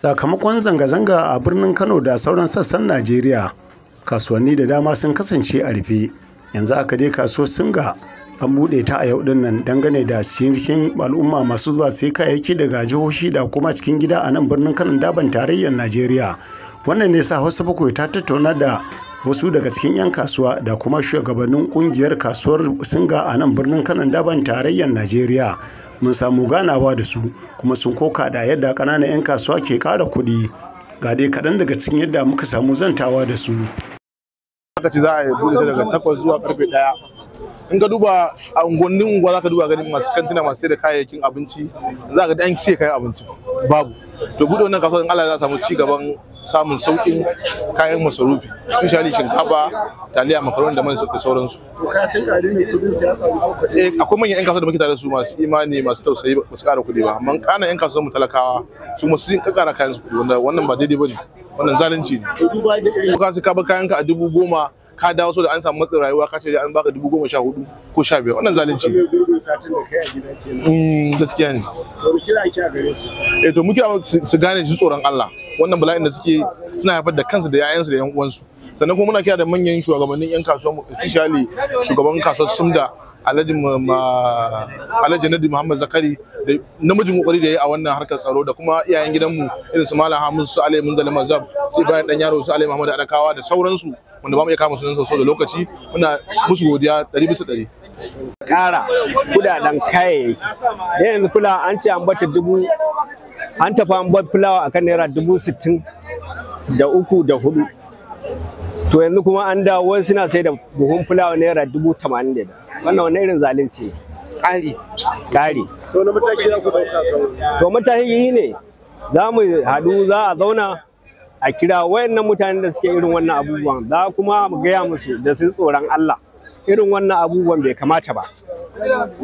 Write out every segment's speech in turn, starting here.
sakamakon zanga-zanga a birnin kano da sauran sassan najeriya kasuwanni da dama sun kasance a rufe yanzu aka dai kaso singa an buɗe ta a yau dangane da cikin al'umma masu zuwa sai kayayyaki daga jihohi da kuma cikin gida a nan birnin kano daban tarayyar najeriya wannan ne sa wasu bakwai ta tattauna da wasu daga cikin 'yan kasuwa da kuma shugabannin kungiyar kasuwar singa a nan birnin kano daban tarayyar najeriya mun samu ganawa da su kuma sun koka da yadda ƙananan 'yan kasuwa ke ƙara kuɗi ga dai kaɗan daga cikin yadda muka samu zantawa da su. za a yi buɗe daga takwas zuwa karfe ɗaya in ka duba a unguwannin unguwa za ka duba ganin masu kantina masu sai da kayayyakin abinci za ka ga an ce kayan abinci babu to bude wannan kasuwar Allah za samu ci gaban samun saukin kayan masarufi especially shinkafa taliya makaroni da man da sauransu to ka san da ne kudin sai eh akwai manyan yan kasuwa da muke tare da su masu imani masu tausayi ba su ƙara kuɗi ba amma kana yan kasuwa mu talakawa su ma sun ƙara kayan su wanda wannan ba daidai bane wannan zalunci ne to ka su ka ba kayan ka a dubu goma ka dawo so da an samu matsin rayuwa ka ce da an baka dubu goma sha hudu ko sha biyar wannan zalunci mm, gaskiya ne eh to muke su gane su tsoron Allah wannan bala'in da suke suna haifar da kansu da 'ya'yansu da 'yan uwansu sannan kuma muna kira da manyan shugabannin 'yan kasuwa mu officially shugaban kasuwar sumda alhaji alhaji nadi muhammad zakari da namijin kokari da yayi yi a wannan harkar tsaro da kuma iyayen gidanmu irin su malam hamus su alai munzali mazab sai bayan dan yaro su alai muhammad adakawa da sauransu wanda ba mu iya kama sa, so da lokaci muna musu godiya ɗari bisa ɗari. Ƙara kudaden kayayyaki. Yanzu fulawa an ce an bata dubu an tafi an bar fulawa akan naira dubu sittin da uku da hudu. To yanzu kuma an dawo wani suna sai da buhun fulawa naira dubu tamanin da wannan wani irin zalunci ne. ƙari ƙari to mataki ne za mu haɗu za a zauna a kira wayannan mutanen da suke irin wannan abubuwan za kuma mu gaya musu da sun tsoron Allah irin wannan abubuwan bai kamata ba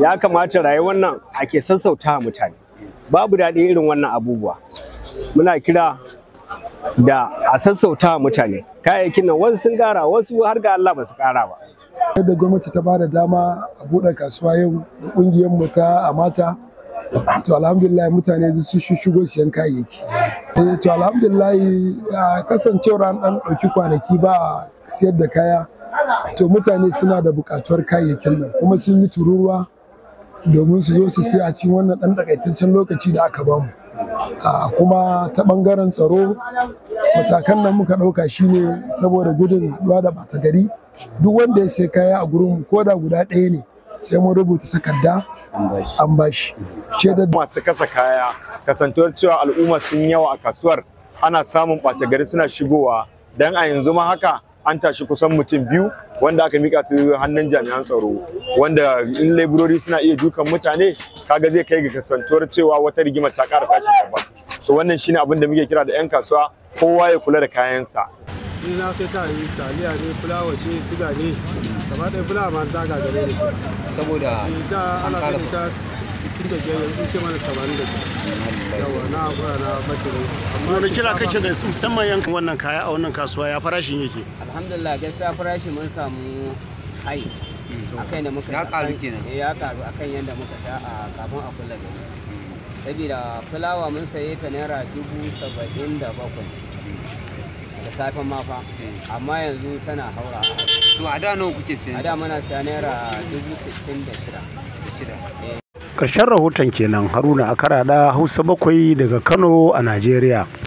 ya kamata rayuwar nan ake sassauta mutane babu daɗi irin wannan abubuwa muna kira da a sassauta mutane kayayyakin nan wasu sun ƙara wasu har ga Allah ba su kara ba yadda gwamnati ta bada dama a buɗe kasuwa yau da ƙungiyarmu mu ta amata to alhamdulillah mutane su shigo siyan kayayyaki eh to alhamdulillah kasancewar an dan ɗauki kwanaki ba siyar da kaya to mutane suna da buƙatuwar kayayyakin nan kuma sun yi tururuwa domin su zo su siya a cikin wannan ɗan takaitaccen lokaci da aka bamu kuma ta ɓangaren tsaro matakan nan muka ɗauka shine saboda gudun haduwa da bata gari duk wanda ya sai kaya a gurin ko da guda ɗaya ne sai mu rubuta takarda an bashi shaidar masu kasa kaya kasantuwar cewa al'umma sun yawa a kasuwar ana samun ɓata gari suna shigowa dan a yanzu ma haka an tashi kusan mutum biyu wanda aka mika su hannun jami'an tsaro wanda in laburori suna iya dukan mutane kaga zai kai ga kasantuwar cewa wata rigimar ta ƙara tashi gaba to wannan shine abin da muke kira da 'yan kasuwa kowa ya kula da kayansa ni na sai ta yi taliya ne fulawa ce siga ne kamar ɗaya fulawa ma ta ga gare eh, da su saboda da ana sani ta 65 yanzu ce mana 85 yawa na hakura na bakirai amma wani kira kake da musamman yankin wannan kaya a wannan kasuwa ya farashin yake alhamdulillah gaskiya farashi mun samu hai mm. akan da muka ya karu kenan eh, ya karu akan yanda muka sa a kafin a kula gari mm. saboda fulawa mun saye ta naira dubu saba'in da bakwai da safen ma fa eh. amma yanzu tana haura to a da nawa kuke siya a da muna siya naira dubu sittin da shida eh. karshen rahoton kenan haruna akarada hausa bakwai daga kano a najeriya